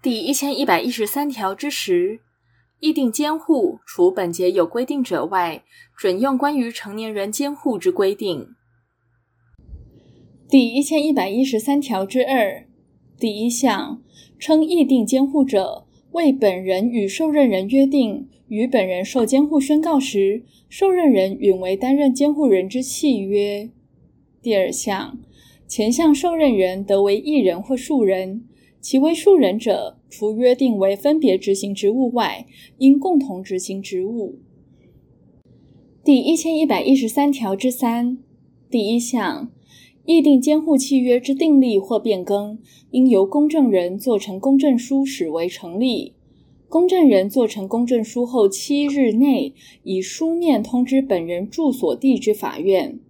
第一千一百一十三條之十，意定監護，除本節有規定者外，準用關於成年人監護之規定。第一千一百一十三條之二，第一項，稱意定監護者為本人與受任人約定，於本人受監護宣告時，受任人允為擔任監護人之契約。第二項，前項受任人得為一人或數人。其為數人者，除約定為分別執行職務外，應共同執行職務。第一千一百一十三條之三第一項，意定監護契約之訂立或變更，應由公證人做成公證書始為成立。公證人做成公證書後七日內，以書面通知本人住所地之法院。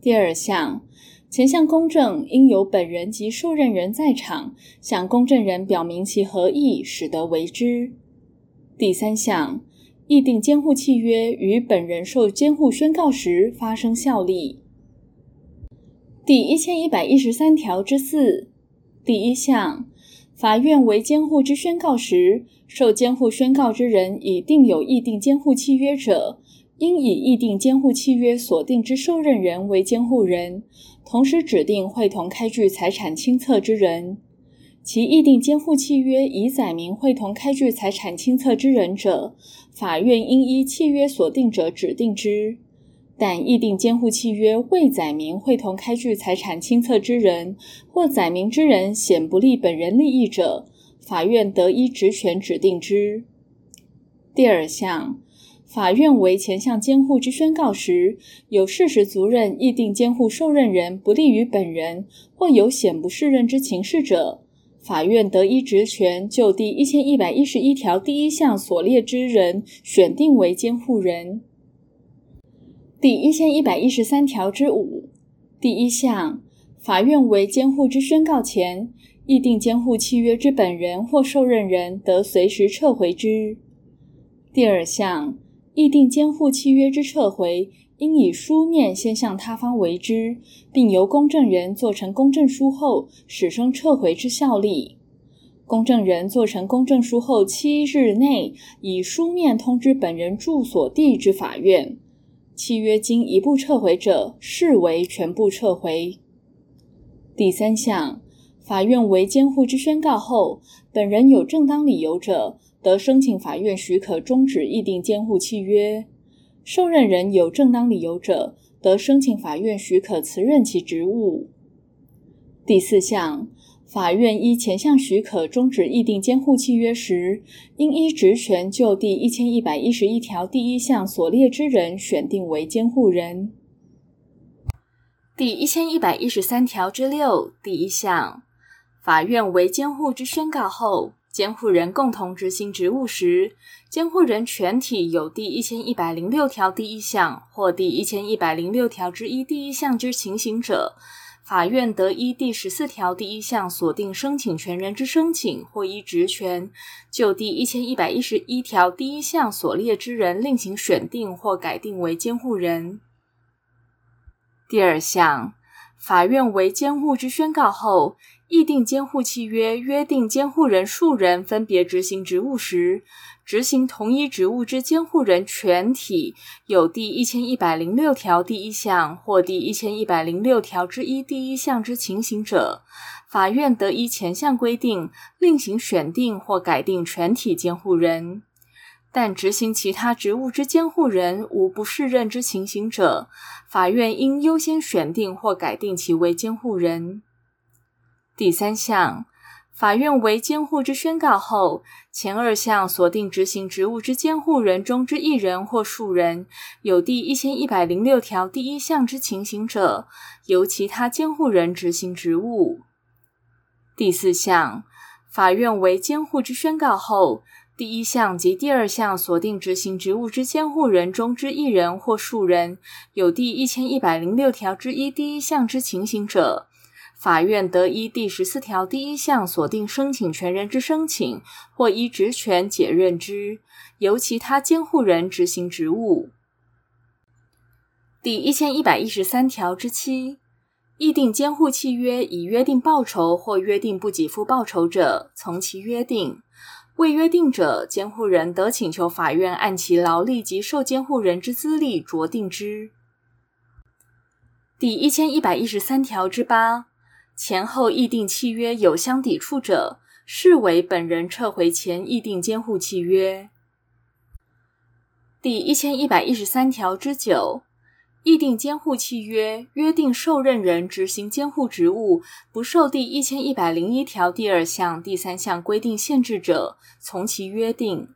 第二項。前項公證應有本人及受任人在場，向公證人表明其合意，始得為之。第三項，意定監護契約於本人受監護宣告時發生效力。第一千一百一十三條之四第一項，法院為監護之宣告時，受監護宣告之人已訂有意定監護契約者。應以意定監護契約所定之受任人為監護人，同時指定會同開具財產清冊之人。其意定監護契約已載明會同開具財產清冊之人者，法院應依契約所定者指定之；但意定監護契約未載明會同開具財產清冊之人，或載明之人顯不利本人利益者，法院得依職權指定之。第二項。法院為前項監護之宣告時，有事實足認意定監護受任人不利於本人，或有顯不適任之情事者，法院得依職權就第一千一百一十一條第一項所列之人選定為監護人。第一千一百一十三條之五。第一項，法院為監護之宣告前，意定監護契約之本人或受任人得隨時撤回之。第二項。意定監護契約之撤回，應以書面先向他方為之，並由公證人做成公證書後，始生撤回之效力。公證人做成公證書後七日內，以書面通知本人住所地之法院。契約經一部撤回者，視為全部撤回。第三項。法院為監護之宣告後，本人有正當理由者，得申請法院許可終止意定監護契約；受任人有正當理由者，得申請法院許可辭任其職務。第四項，法院依前項許可終止意定監護契約時，應依職權就第一千一百一十一條第一項所列之人選定為監護人。第一千一百一十三條之六第一項。法院為監護之宣告後，監護人共同執行職務時，監護人全體有第一千一百零六條第一項或第一千一百零六條之一第一項之情形者，法院得依第十四條第一項鎖定申請權人之申請，或依職權就第一千一百一十一條第一項所列之人另行選定或改定為監護人。第二項。法院為監護之宣告後，意定監護契約，約定監護人數人分別執行職務時，執行同一職務之監護人全體有第一千一百零六條第一項或第一千一百零六條之一第一項之情形者，法院得依前項規定另行選定或改定全體監護人。但執行其他職務之監護人無不適任之情形者，法院應優先選定或改定其為監護人。第三項，法院為監護之宣告後，前二項所定執行職務之監護人中之一人或數人有第一千一百零六條第一項之情形者，由其他監護人執行職務。第四項，法院為監護之宣告後。第一項及第二項所定執行職務之監護人中之一人或數人有第一千一百零六條之一第一項之情形者，法院得依第十四條第一項所定申請權人之申請，或依職權解任之，由其他監護人執行職務。第一千一百一十三條之七，意定監護契約已約定報酬或約定不給付報酬者，從其約定。未約定者，監護人得請求法院按其勞力及受監護人之資力酌定之。第一千一百一十三條之八，前後意定契約有相抵觸者，視為本人撤回前意定監護契約。第一千一百一十三條之九。意定監護契約，約定受任人執行監護職務不受第一千一百零一條第二項、第三項規定限制者，從其約定。